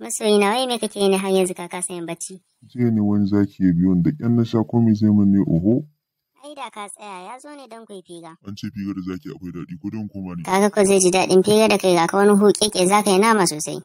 Masoyi na wai me kake ni har yanzu kaka sayan bacci? Jiya ne wani zaki ya biyo da ƙyan na sha komai zai mun ne oho. Ai da ka tsaya ya zo ne dan kai figa. An ce figar da zaki akwai daɗi ko don koma ne. Kaga ko zai ji daɗin figa da kai ga ka wani huƙeƙe za ka yi nama sosai.